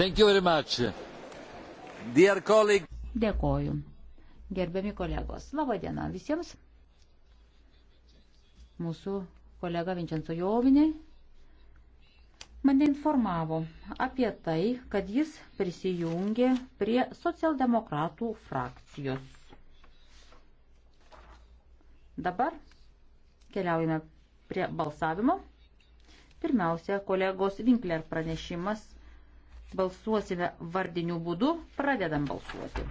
Dėkoju. Gerbiami kolegos, laba diena visiems. Mūsų kolega Vincenzo Jovinė mane informavo apie tai, kad jis prisijungė prie socialdemokratų frakcijos. Dabar keliaujame prie balsavimo. Pirmiausia, kolegos Winkler pranešimas Balsuosime vardiniu būdu. Pradedam balsuoti.